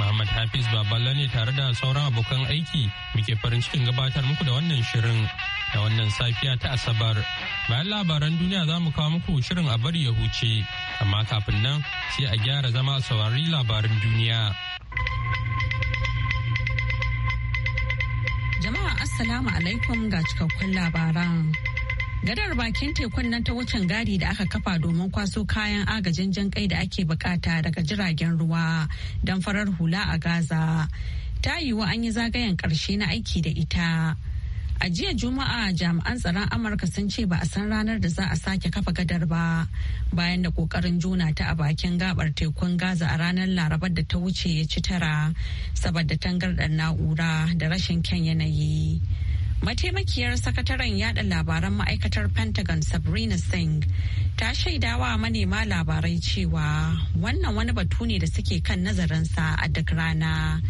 Muhammad Hafiz Baballa ne tare da sauran abokan aiki muke farin cikin gabatar muku da wannan shirin da wannan safiya ta Asabar. Bayan labaran duniya za mu kawo muku shirin a bari ya huce, amma kafin nan sai a gyara zama saurari labarin duniya. Jama'a Assalamu alaikum ga cikakkun labaran. Gadar bakin tekun nan ta wucin gadi da aka kafa domin kwaso kayan agajin jan kai da ake bukata daga jiragen ruwa don farar hula a Gaza. Ta yiwu an yi zagayen ƙarshe na aiki da ita. A jiya Juma'a jami'an tsaron Amurka sun ce ba a san ranar da za a sake kafa gadar ba bayan da kokarin juna ta a bakin gabar tekun Gaza a ranar Larabar da ta wuce ya ci tara saboda tangardar na'ura da rashin kyan yanayi. Mataimakiyar sakataren yada labaran ma'aikatar Pentagon Sabrina Singh ta shaidawa manema labarai cewa wannan wani batu ne da suke kan nazarinsa a duk rana.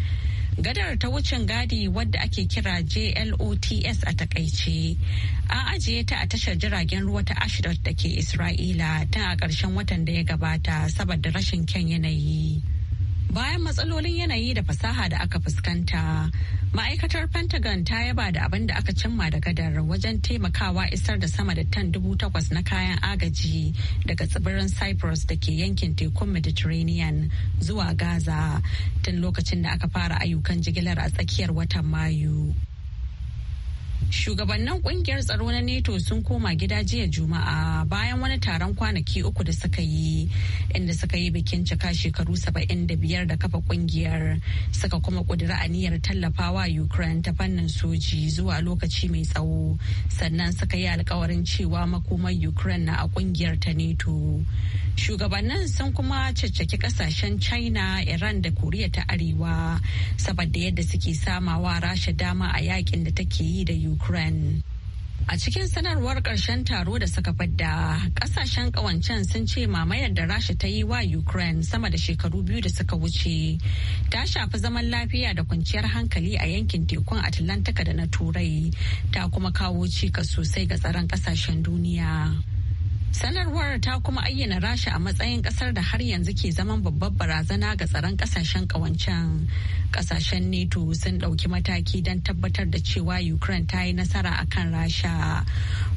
Gadar ta wucin gadi wadda ake kira JLOTS a takaice. An ajiye ta a tashar jiragen ruwa ta Ashdod da ke Isra'ila tun a ƙarshen watan da ya gabata saboda rashin kyan yanayi. Bayan matsalolin yanayi da fasaha da aka fuskanta, ma'aikatar Pentagon ta yaba da abin da aka cimma da gadar wajen taimakawa isar da sama da tan dubu takwas na kayan agaji daga tsibirin Cyprus da ke yankin tekun Mediterranean zuwa Gaza tun lokacin da aka fara ayyukan jigilar a tsakiyar watan Mayu. Shugabannin kungiyar tsaro na neto sun koma gida jiya Juma'a bayan wani taron kwanaki uku da suka yi inda suka yi bikin cika shekaru 75 da kafa kungiyar suka kuma kudura aniyar tallafawa Ukraine ta fannin soji zuwa lokaci mai tsawo sannan suka yi alkawarin cewa makomar Ukraine na a kungiyar ta neto. Shugabannin sun kuma caccaki kasashen China, Iran da Koriya ta Arewa saboda yadda suke samawa Rasha dama a yakin da take yi da Ukraine. Ukraine. A cikin sanarwar ƙarshen taro da suka fadda, ƙasashen ƙawancen sun ce mamayar da Rasha ta yi wa Ukraine sama da shekaru biyu da suka wuce ta shafi zaman lafiya da kwanciyar hankali a yankin tekun Atlantika da na Turai ta kuma kawo cikas sosai ga tsaron ƙasashen duniya. Sanarwar ta kuma ayyana Rasha a matsayin kasar da har yanzu ke zaman babbar barazana ga tsaron kasashen kawancen. Kasashen NATO sun ɗauki mataki don tabbatar da cewa Ukraine ta yi nasara a kan Rasha.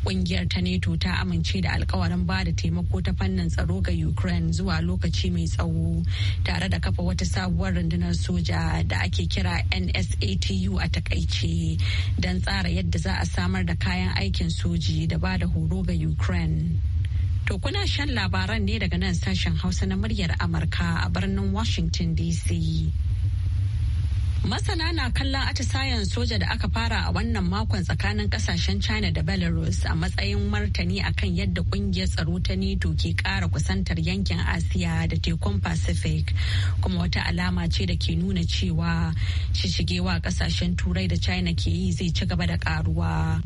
Ƙungiyar ta NATO ta amince da alkawarin ba da taimako ta fannin tsaro ga Ukraine zuwa lokaci mai tsawo tare da kafa wata sabuwar rundunar soja da ake kira NSATU a takaice don tsara yadda za a samar da kayan aikin soji da ba da horo ga Ukraine. To kuna shan labaran ne daga nan sashen Hausa na muryar Amurka a birnin Washington DC. Masana na kallon atisayen soja da aka fara a wannan makon tsakanin kasashen China da Belarus a matsayin martani akan yadda kungiyar tsaro ta NATO ke ƙara kusantar yankin Asiya da tekun Pacific kuma wata alama ce da ke nuna cewa shishigewa kasashen Turai da China ke yi zai ci gaba da ƙaruwa.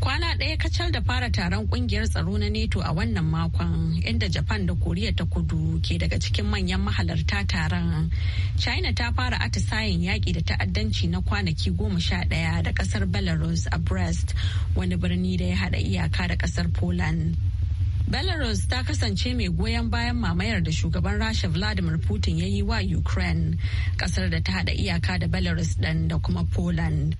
Kwana ɗaya kacal da fara taron ƙungiyar tsaro na NATO a wannan makon inda Japan da Koriya ta kudu ke daga cikin manyan mahalarta taron. China ta fara atisayen yaƙi da ta'addanci na kwanaki goma sha ɗaya da ƙasar Belarus a Brest wani birni da ya haɗa iyaka da ƙasar Poland. Belarus ta kasance mai goyon bayan mamayar da shugaban Rasha Vladimir Putin ya yi wa Ukraine, ƙasar da ta haɗa iyaka da Belarus ɗin da kuma Poland.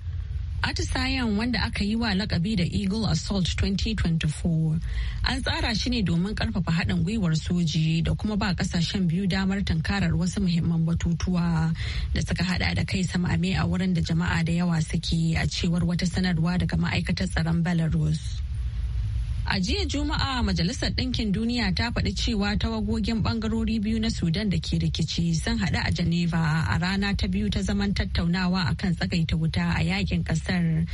atisayan wanda aka yi wa lakabi da Eagle Assault 2024 an tsara shi ne domin karfafa haɗin gwiwar soji da kuma ba ƙasashen biyu damar tankarar wasu muhimman batutuwa da suka hada da kai samame a wurin da jama'a da yawa suke a cewar wata sanarwa daga ma'aikatar tsaron Belarus. A jiya Juma'a Majalisar Ɗinkin Duniya ta faɗi cewa tawagogin ɓangarori biyu na Sudan da ke rikici sun haɗu a Geneva a rana ta biyu ta zaman tattaunawa a akan tsagaita wuta a yakin ƙasar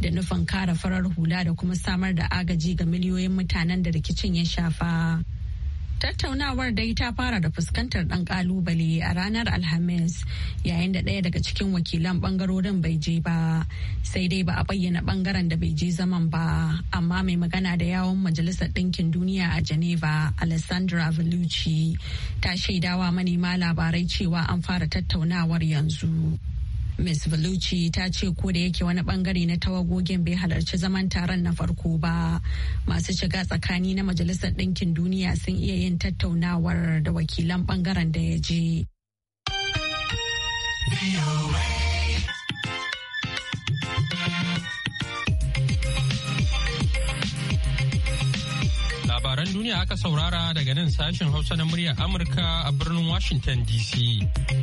da nufin kare farar hula da kuma samar da agaji ga miliyoyin mutanen da rikicin ya shafa. Tattaunawar dai ta fara da fuskantar ɗan ƙalubale a ranar Alhamis yayin da ɗaya daga cikin wakilan ɓangarorin bai je ba sai dai ba a bayyana bangaren da bai je zaman ba amma mai magana da yawon Majalisar Ɗinkin Duniya a Geneva Alessandra velucci ta shaidawa manema labarai cewa an fara tattaunawar yanzu. Ms. Bellucci ta ce ko da yake wani bangare na tawagogin bai halarci zaman taron na farko ba masu shiga tsakani na Majalisar Ɗinkin Duniya sun iya yin tattaunawar da wakilan bangaren da ya je. Labaran duniya aka saurara daga nan sashen Hausa na muryar Amurka a birnin Washington DC.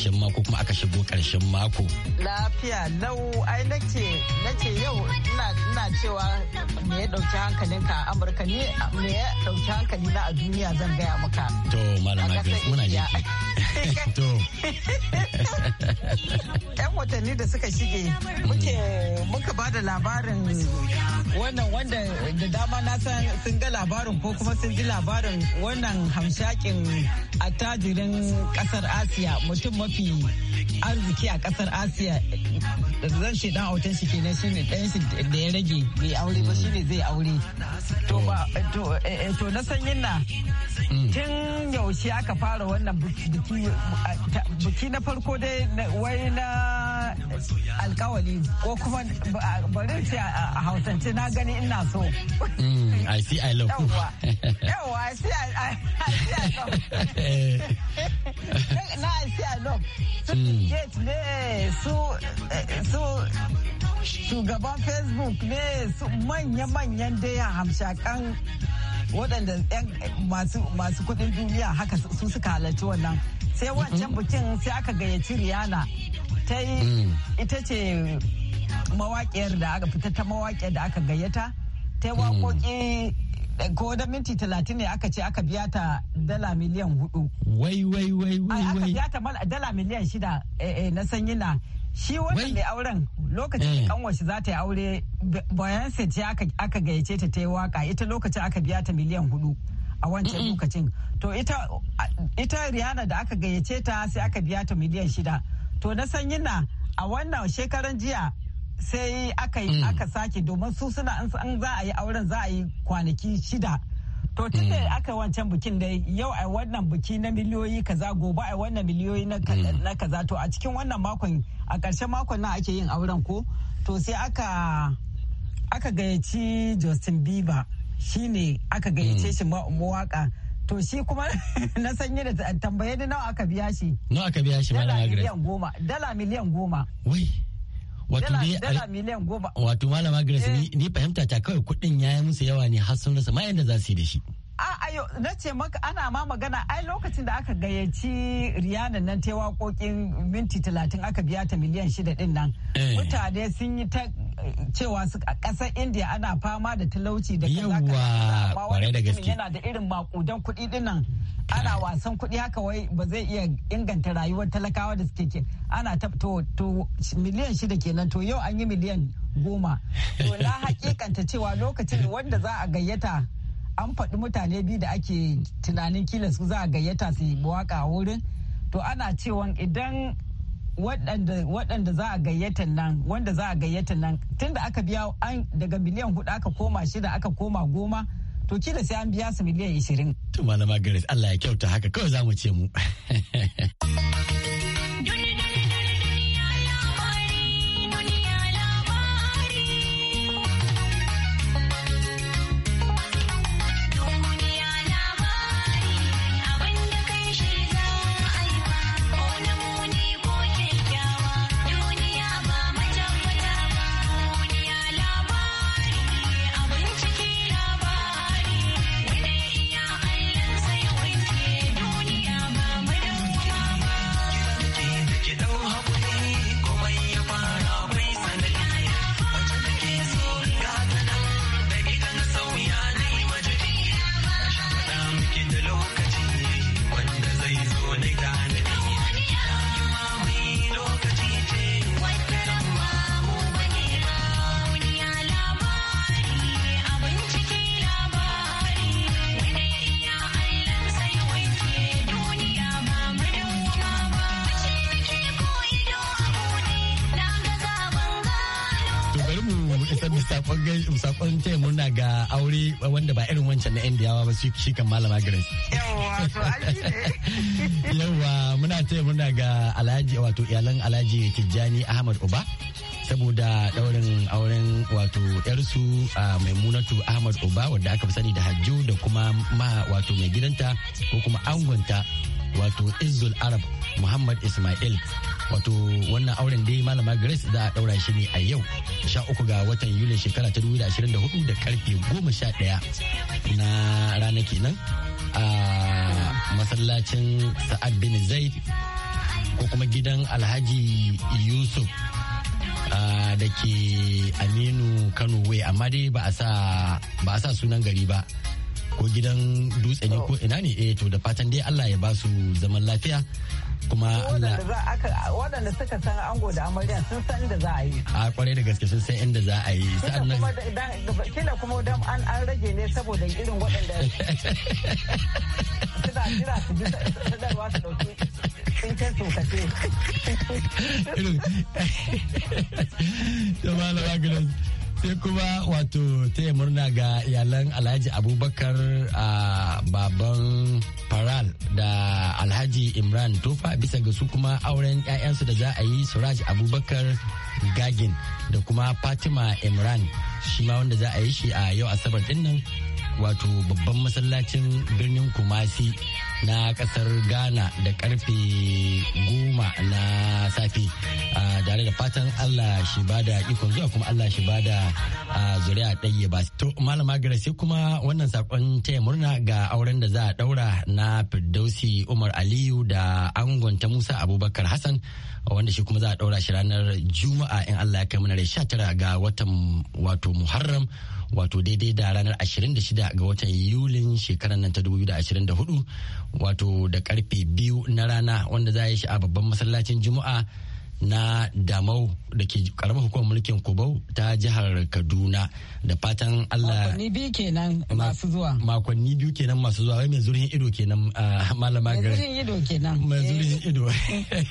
karshen mako kuma aka shigo karshen mako. Lafiya lau ai nace nace yau ina cewa me ya dauki hankalinka a Amurka ne me ya dauki hankali na a duniya zan gaya maka. To malama muna jiki. to yan watanni da suka shige muke muka ba da labarin wannan wanda da dama na san sun ga labarin ko kuma sun ji labarin wannan hamshakin attajirin kasar asiya mutum mafi arziki a kasar asiya zan shi dan autan shi kenan ne dan shi da ya rage bai aure ba shine zai aure to ba to eh, eh, na san yinna hmm. tun yaushe aka fara wannan biki biki na farko dai wai na alkawali ko kuma bari ce a hausance na gani ina so hmm, i see i love yawa i see i love na i see i love su hmm. ne su eh, su shugaban facebook ne manya-manyan daya hamshakan waɗanda eh, masu kudin duniya haka su suka halarci wannan sai wancan bikin sai aka gayyaci rihanna ta yi mm. ita ce mawakiyar da aka fita ta mawaƙiyar da aka gayyata ta yi mm. waƙoƙi eh, ko da minti talatin ne aka ce aka biya ta dala miliyan hudu. Wai wai wai wai Aka biya ta dala miliyan shida eh, eh, na sanyi na. Shi wannan mai auren lokacin da kanwashi za ta yi aure bayan ce aka gayyace ta ta yi waka ita lokacin aka biya ta miliyan hudu. a wancan lokacin to ita ita rihanna da aka gayyace ta sai aka biya ta miliyan shida to na san yana a wannan shekaran jiya sai aka yi mm. aka sake domin su suna an za a yi auren za a yi kwanaki shida to tun da mm. aka wancan bikin da yau a wannan biki na miliyoyi kaza gobe a wannan miliyoyi mm. na kaza to a cikin wannan makon a ƙarshen makon nan ake yin auren ko to sai aka aka gayyaci Justin Bieber Shi ne aka gayyace hmm. shi mawaka to shi kuma na sanye da tambaye ni nawa aka biya shi nawa aka biya shi malam agres miliyan goma dala miliyan goma wai wato dai dala miliyan goma wato malam agres eh. ni fahimta ta kawai kuɗin yayi musu yawa ne har sun rasa ma yanda za su yi da shi a'a na ce maka ana ma magana ai lokacin da aka gayyaci Riyana nan ta waƙoƙin minti talatin aka biya ta miliyan shida din nan eh. mutane sun yi ta eh, cewa su a ƙasar india ana fama da talauci da kaza kaza amma yana da irin makudan kuɗi din nan ana wasan kuɗi haka wai ba zai iya inganta rayuwar talakawa da suke ana ta to miliyan shida kenan to yau an yi miliyan goma to na hakikanta cewa lokacin wanda za a gayyata an faɗi mutane biyu da ake tunanin kila su za a gayyata su yi a wurin to ana cewa idan waɗanda za a gayyata nan wanda za a gayyata nan tun da aka biya an daga miliyan hudu aka koma shida aka koma goma to kila sai an biya su miliyan ishirin. to malama garis allah ya kyauta haka kawai za mu ce mu. aure wanda ba irin wancan na indiyawa ba shi kan malama grace yawa muna taya muna ga alhaji wato iyalan alhaji tijjani ahmad uba saboda daurin auren wato yarsu a maimunatu ahmad uba wadda aka fi sani da hajju da kuma ma wato mai gidanta ko kuma angonta wato izul arab muhammad ismail wato wannan auren dai malama grace za a ɗaura shi ne a yau sha uku ga watan yuli shekara ta dubu da karfe goma sha daya na rana kenan a masallacin sa'ad bin zaid ko kuma gidan alhaji yusuf da ke aminu kano way amma dai ba a sa sunan gari ba ko gidan dutse ne ko oh. ina ne eh to da fatan dai Allah ya ba su zaman lafiya kuma Allah waɗanda suka san ango da amarya sun san inda za a yi a kwarai da gaske sun san inda za a yi sa'annan kila kuma dan an an rage ne saboda irin waɗanda suna jira su bi sadarwa su dauki tsinken tsokace irin da sai kuma wato taya murna ga iyalan alhaji abubakar a baban faral da alhaji imran tofa bisa ga su kuma auren 'ya'yansu da za a yi suraj abubakar gagin da kuma fatima imran shi ma wanda za a yi shi a yau asabar dinnan wato babban masallacin birnin kumasi na kasar ghana da karfe goma na safe tare da fatan allah shi bada ikon zuwa kuma allah shi bada zuri'a ɗaya ba to malama gara sai kuma wannan sakon taya murna ga auren da za a daura na firdausi umar aliyu da angon ta musa abubakar hassan wanda shi kuma za a ɗaura shi ranar juma'a in Allah ya kai mana rai 19 ga watan wato muharram wato daidai da ranar 26 ga watan yulin shekarar nan ta 2024 wato da karfe biyu na rana wanda za a yi shi a babban masallacin juma'a na damau da ke karamar hukumar mulkin kubau ta jihar kaduna da fatan allah makonni biyu kenan masu zuwa makonni biyu kenan masu zuwa mai zurhin ido kenan ah, malama gari mai zurin ido kenan mai eh. ido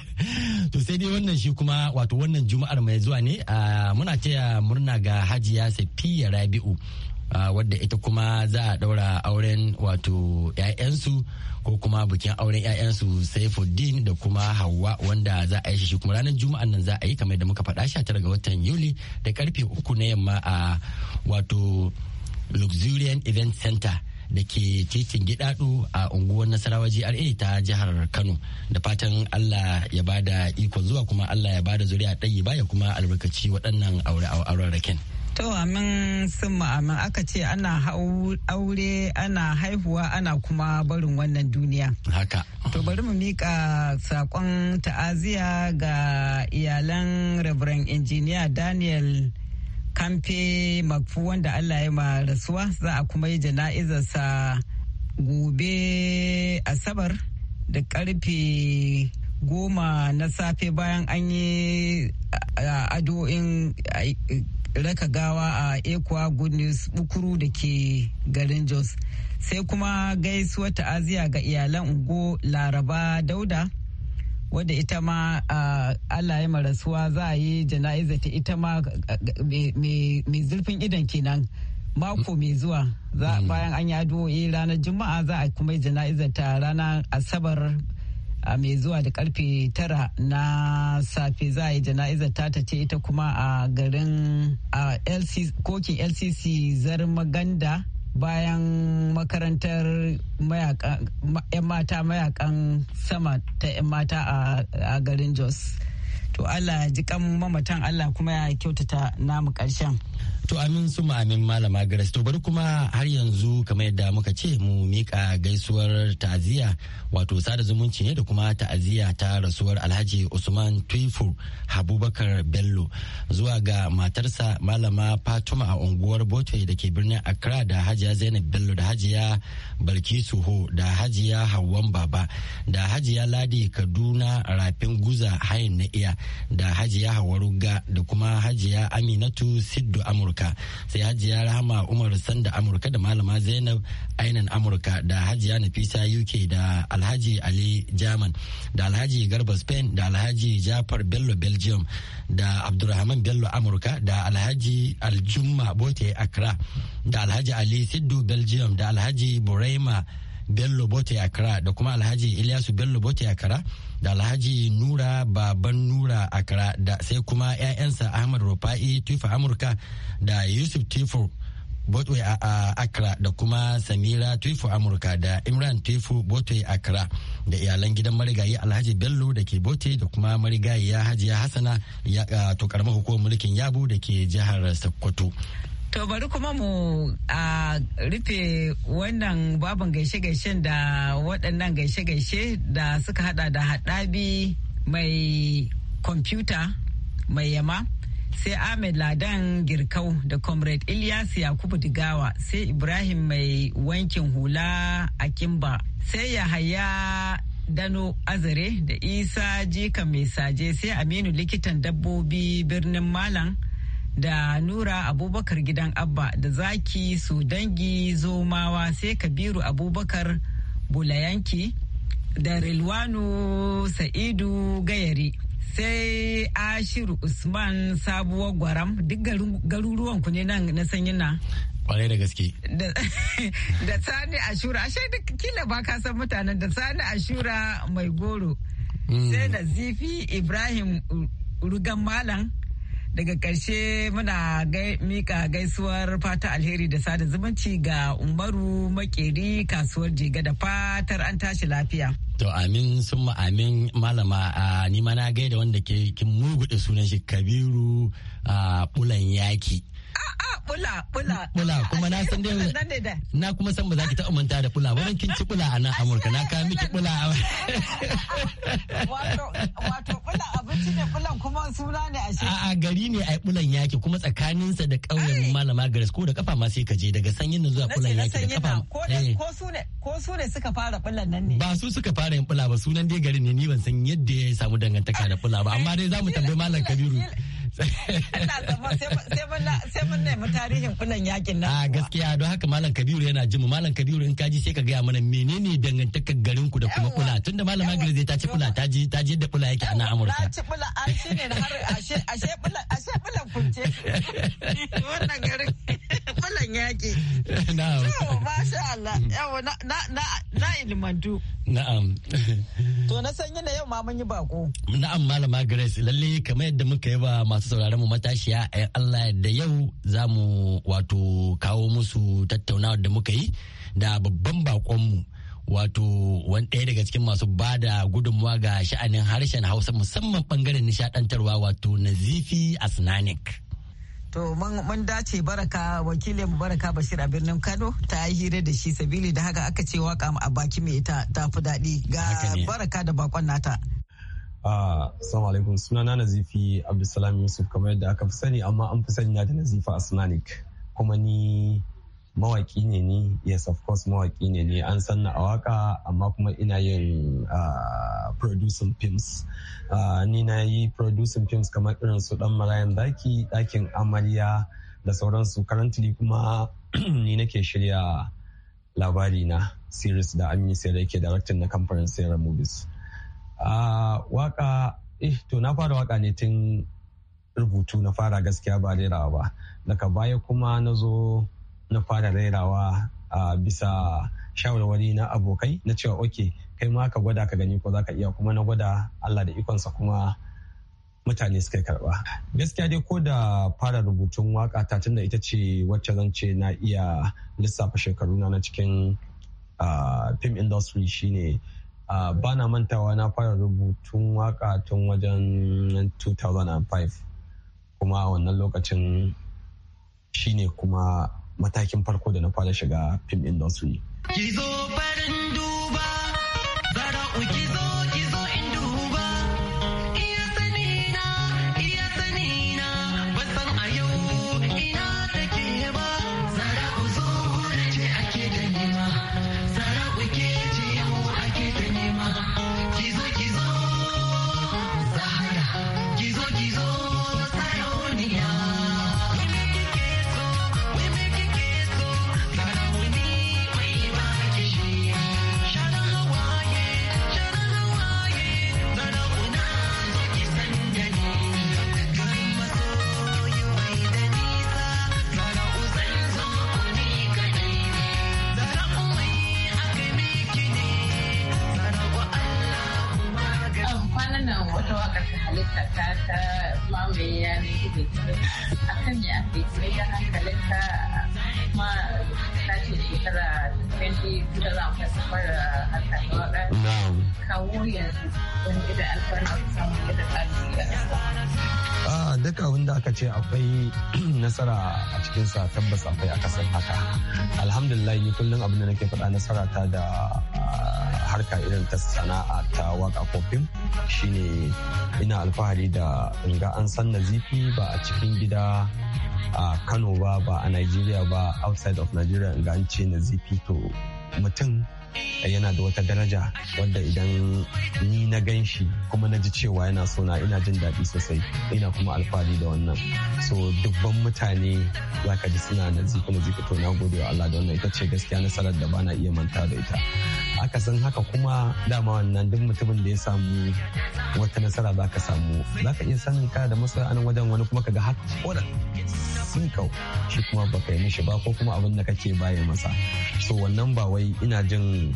to sai dai wannan shi kuma wato wannan juma'ar mai zuwa ne ah, muna taya murna ga hajiya safiya rabi'u Ah, wadda ita kuma za a daura auren wato 'ya'yansu ko kuma bikin auren 'ya'yansu saifuddin da kuma hawa wanda za a yi shi kuma ranar juma'an nan za a yi kamar da muka faɗa tara ga watan yuli da karfe uku na yamma a wato luxurian event center da ke titin gidadu a unguwar nasarawa gra ta jihar kano da fatan allah ya bada ikon zuwa kuma allah ya bada zuriya ɗayi baya kuma albarkaci waɗannan aure-auren raken. To amin sun amin aka ce ana aure ana haihuwa ana kuma barin wannan duniya. Haka. To bari mu mika saƙon ta'aziya ga iyalan Reverend Injiniya Daniel Kamfe Makfu wanda Allah ya ma rasuwa za a kuma yi jana'izarsa gobe Asabar da karfe goma na safe bayan an yi addu'o'in raka gawa a ekwa good news bukuru da ke garin jos sai kuma gaisuwar ta'aziya ga iyalan ungo laraba dauda wadda ita ma allah ya marasuwa za a yi jana'iza ta ita ma mai zurfin idan kenan mako mai zuwa mm. bayan an yi addu'o'i ranar juma'a za a kuma jana'izar ta ranar asabar a mai zuwa da karfe tara na safe za a yi jana'izar tata ce ita kuma a garin kokin lcc zarmaganda bayan makarantar 'yan mata mayakan sama ta 'yan mata a garin jos to allah ji kan mamatan allah kuma ya kyautata namu karshen To amin su amin malama Grace to bari kuma har yanzu kamar yadda muka ce mu mika gaisuwar ta'aziyya wato sada zumunci ne da kuma ta'aziyya ta rasuwar Alhaji Usman Tuifu Habubakar Bello zuwa ga matarsa malama Fatuma a unguwar Botoi da ke birnin Accra da Hajiya Zainab Bello da Hajiya Balkisu Ho da Hajiya Hawan Baba da Hajiya Ladi Kaduna Rafin Guza Hayin na iya da Hajiya Hawaruga da kuma Hajiya Aminatu Siddu Amurka amurka sai hajiya rahama umar sanda amurka da malama zainab ainan amurka da hajiya nafisa uk da alhaji ali jaman da alhaji garba spain da alhaji jafar bello belgium da abdulrahman bello amurka da alhaji aljumma bote accra da alhaji ali siddu belgium da alhaji Buraima. bello bote akara da kuma alhaji ilyasu bello bote akara da alhaji nura baban nura akara da sai kuma 'ya'yansa ahmad rufa'i tufa amurka da yusuf tifo botwe a da kuma samira tuifu amurka da imran tuifu botwe akara da iyalan gidan marigayi alhaji bello da ke bote da kuma marigayi ya hajiya hassana ya tokar karamar mulkin yabu da ke jihar sokoto To bari kuma mu a rufe wannan babin gaishe-gaishen da waɗannan gaishe-gaishe da suka hada da haɗabi mai kwamfuta mai yama sai Ahmed Ladan Girkau da Comrade Ilyas Yakubu Digawa sai Ibrahim mai wankin hula a Kimba sai Yahaya Dano Azare da Isa Jika mai saje sai Aminu likitan dabbobi birnin Malam. da nura abubakar gidan abba da zaki su dangi zomawa sai kabiru abubakar bulayanki da rilwanu sa'idu gayari sai ashiru usman sabuwar gwaram duk garuruwan ku ne nan na sanyi na kwarai da gaske da sani ashura ashe duk kila ba ka san mutanen da sani ashura mai goro hmm. sai da zifi ibrahim rugan malam daga ƙarshe muna mika gaisuwar fata alheri da sada zumunci ga umaru makeri kasuwar jiga da fatar an tashi lafiya to amin sun amin malama a nima na gaida wanda ke kin da sunan shi kabiru a bulan yaki bula bula bula kuma na san dai na kuma san ba za ki taɓa manta da bula ba kin ci bula a nan Amurka na kawo miki bula wato wato bula abinci ne bulan kuma suna ne a shi a gari ne ai bulan yaki kuma tsakaninsa da ƙauyen malama garis ko da kafa ma sai ka je daga sanyin nan zuwa bulan yaki da kafa eh. ko su ne ko su ne suka fara bulan nan ne ba su suka fara yin bula ba sunan dai garin ne ni ban san yadda ya samu dangantaka da bula ba amma dai za mu tambayi malam Kabiru sai mun nemi tarihin kunan yakin nan. A gaskiya don haka Malam Kabiru yana jimu Malam Kabiru in kaji sai ka gaya mana menene dangantakar garin ku da kuma kula da Malam Magriz ta ci kula ta ji ta ji da kula yake a nan Amurka. Ta ci kula an shi ne har ashe ashe kula ashe kula a kunce. Wannan garin kulan yaki. Na'am. Yau masha Allah yau na na na ilmantu. Na'am. To na san yana yau ma mun yi bako. Na'am Malam Magriz lalle kamar yadda muka yi ba masu masu sauraron mu matashiya a eh, Allah da yau za mu wato kawo musu tattaunawa da muka yi da babban bakonmu wato wani ɗaya daga cikin masu ba da gudunmuwa ga sha'anin harshen hausa musamman bangaren nishaɗantarwa wato nazifi asnanik. To mun dace baraka wakilin baraka Bashir a birnin Kano ta yi hira da shi sabili da haka aka ce waka a baki mai ta fi daɗi ga baraka da bakon nata. Assalamu alaikum sunana Nazifi Abdulsalam Yusuf kamar yadda aka fi sani amma an fi sani da Nazifa asmanic kuma ni mawaki ne ni yes of course mawaki ne ni an san a waka amma kuma ina yin producing films ni na yi producing films kamar irin su dan marayan daki dakin amarya da sauransu currently kuma ni nake shirya labari na series da Amini Sere ke director na kamfanin Sera Movies. a waka eh to na fara waka ne tun rubutu na fara gaskiya ba rerawa ba daga baya kuma na zo na fara rerawa a bisa shawarwari na abokai na cewa oke kai ma ka gwada ka gani ko za ka iya kuma na gwada allah da ikonsa kuma mutane suka karba gaskiya dai ko da fara rubutun waka ta tunda ita ce wacce zan ce na iya lissafa shekaru na cikin fim industry shine ba na mantawa na fara rubutun waka tun wajen 2005 kuma wannan lokacin shine kuma matakin farko da na fara shiga film industry. Kizo farin duba, zara uki zo akwai nasara a cikin sa tabbas akwai akasin haka alhamdulillah ni kullum abin da nake faɗa nasara ta da ah, harka irin ta sana'a ta waka kofin shine ina alfahari da in ga an san nazifi ba a cikin gida a kano ba ba a nigeria ba outside of nigeria in ga an ce nazifi to mutum yana da wata daraja wadda idan ni na gan shi kuma na ji cewa yana sona ina jin daɗi sosai ina kuma alfahari da wannan so dubban mutane za ka ji suna na zika na zika to na gode wa Allah da wannan ita ce gaskiya nasarar da bana iya manta da ita akasin haka kuma dama wannan duk mutumin da ya samu wata nasara za ka samu za ka iya sanin ka da masana'an wajen wani kuma ka ga har sun kau shi kuma baka kai mishi ba ko kuma abin da kake baya masa so wannan ba wai ina jin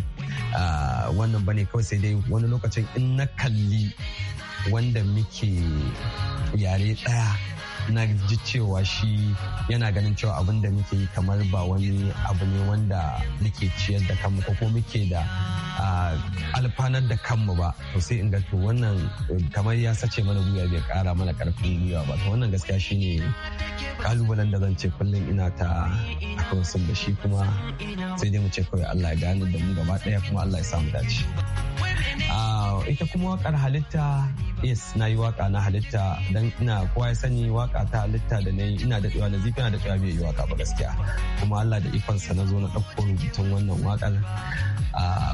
wannan bane kawai sai dai wani lokacin in na kalli wanda muke yare ɗaya na ji cewa shi yana ganin cewa abin da muke yi kamar ba wani abu ne wanda muke ciyar da kanmu ko muke da alfanar da kanmu ba to sai in ga to wannan kamar ya sace mana guya bai kara mana karfin gwiwa ba to wannan gaskiya shine kalubalen da zan ce kullum ina ta akan da shi kuma sai dai mu ce kawai Allah ya gane da mu gaba daya kuma Allah ya samu dace ita kuma waƙar halitta yes na yi waƙa na halitta don ina kowa ya sani waƙa. ka ta halitta da na ina da tsawa nazifi na da tsawa bai yi waka ba gaskiya kuma Allah da ikonsa na zo na ɗauko rubutun wannan wakar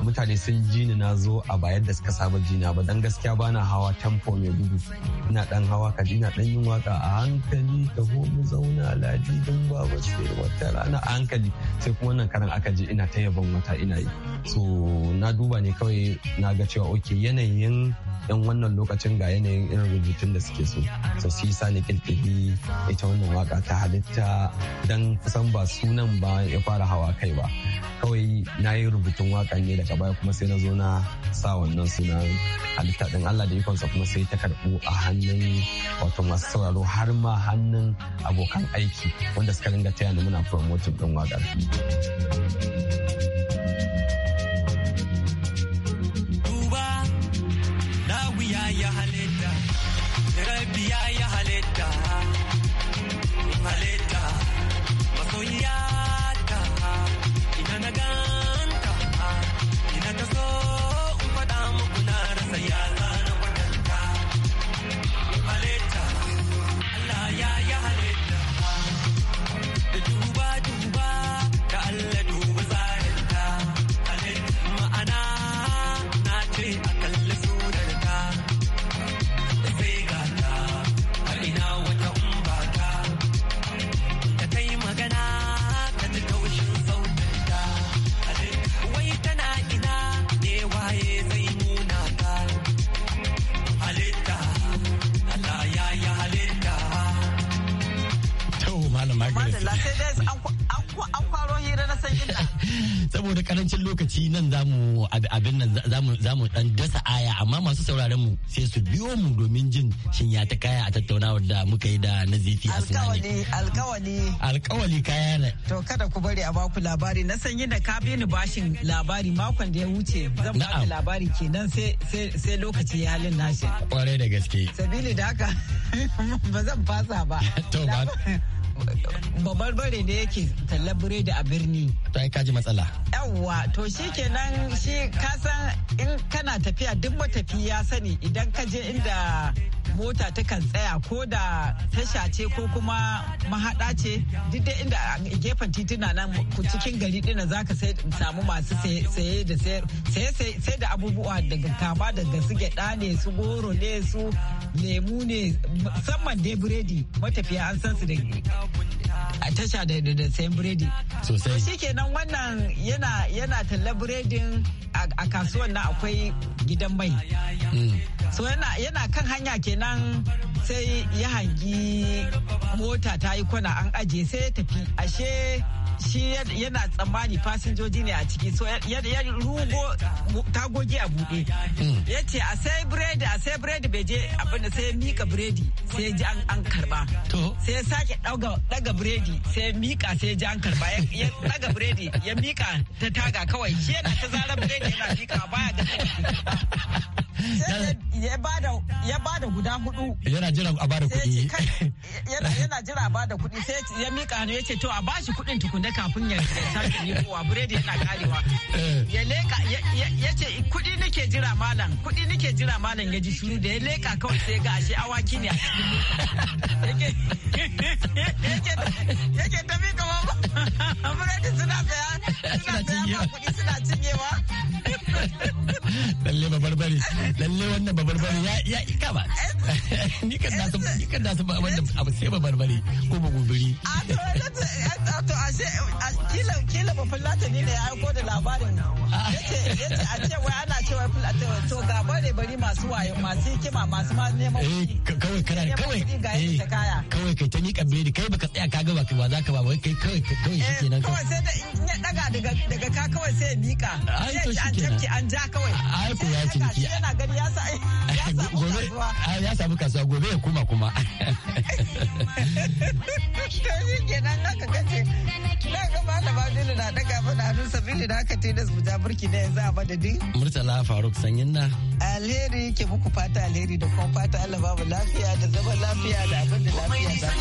mutane sun ji ni na zo a bayan da suka saba jina ba dan gaskiya bana hawa tempo mai gudu ina dan hawa ka ji na dan yin waka a hankali ka ho mu zauna ladi dan babu sai wata rana a hankali sai kuma wannan karan aka ji ina ta yaban wata ina yi so na duba ne kawai na ga cewa oke yanayin yan wannan lokacin ga yanayin irin rubutun da suke so so shi sa shi ita wannan waka ta halitta don kusan ba sunan ba ya fara hawa kai ba kawai na yi rubutun waka ne daga baya kuma sai na zo na sa wannan sunan halitta din Allah da ikonsa kuma sai ta karɓu a hannun wato masu sauraro har ma hannun abokan aiki wanda suka ringa taya ni muna promoting din wakar. nan za mu abin nan za mu dan dasa aya amma masu sauraron mu sai su biyo mu domin jin shin ya ta kaya a tattaunawar da muka yi da nazifi a sunani alkawali alkawali kaya ne to kada ku bari a baku labari na sanyi da ka ni bashin labari makon da ya wuce zan ba labari kenan sai sai lokaci ya halin nashi kwarai da gaske sabili da haka ba zan fasa ba babbar bare da yake tallar biredi a birni. To ai kaji matsala. Yawwa to shi kenan shi kasan in kana tafiya duk matafi ya sani idan ka je inda mota ta kan tsaya ko da tasha ce ko kuma mahaɗa ce duk da inda gefen tituna nan cikin gari dina za ka samu masu saye da sai da abubuwa daga kama daga su gyaɗa ne su goro ne su lemu ne musamman dai biredi matafiya an san su da a tasha da da sayan biredi sosai shi kenan wannan yana yana talla biredin a kasuwan na akwai gidan mai hmm. so yana kan hanya kenan sai ya hangi mota ta yi kwana an aje sai ya tafi ashe shi yana tsammani fasinjoji ne a ciki so ya rugo tagogi a buɗe hmm. ya ce a sai biredi a sai biredi bai je abin da sai ya mika biredi sai ya ji an karba sai ya sake daga biredi sai ya mika sai ya ji an karba ya daga biredi ya mika ta taga kawai shi yana ta zara biredi yana mika baya ga ya bada guda hudu yana jira a bada kuɗi yana jira a bada sai ya mika hannu ya ce to a bashi kuɗin tukuna na kafin ya sake miƙowa buredi yana karewa ya leka ya ce kudi nake jira malam kudi nake jira malam ya ji shuru da ya leka kawai sai ga ashe awaki ne a cikin yake ta miƙa buredi suna saya suna saya ba kuɗi suna cinyewa lalle babarbare lalle wannan babarbare ya ya ika ba ni kan da san ni kan da san wannan abu sai babarbare ko bagubiri a to a ce kila kila ba fulata ne ne ya aiko da labarin yace a ce wai ana cewa fulata to ga bare bari masu wayo masu hikima masu ma neman eh, kawai kana kawai eh, kawai kai ta ni kabiri kai baka tsaya kaga ba ba za ka ba wai kai kawai kawai shikenan eh, kawai sai da in ya daga daga ka kawai sai ya mika ai to shikenan an ja kawai. Ai ko ya Yana gani ya samu kasuwa. Ya gobe ya kuma kuma. kenan haka kace. Na ga malama na daga mana hannun sabili da haka tilas mu ja burki da yanzu a Murtala Faruk sanyin na. Alheri ke muku fata alheri da kuma fata lafiya da zaman lafiya da abin lafiya da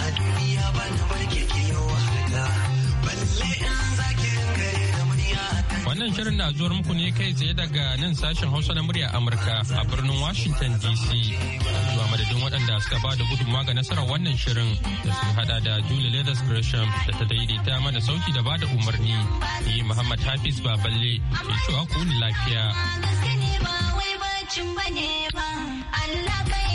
a duniya ba na barke ke yawa. Wannan shirin na zuwar muku ne kai tsaye daga nan sashen Hausa na murya Amurka a birnin Washington DC. Zuwa madadin waɗanda suka ba da gudunmawa ga nasarar wannan shirin da sun hada da Julie Leathers Gresham da ta daidaita mana sauki da ba da umarni. Ni Muhammad Hafiz Baballe ke cewa ku lafiya. Allah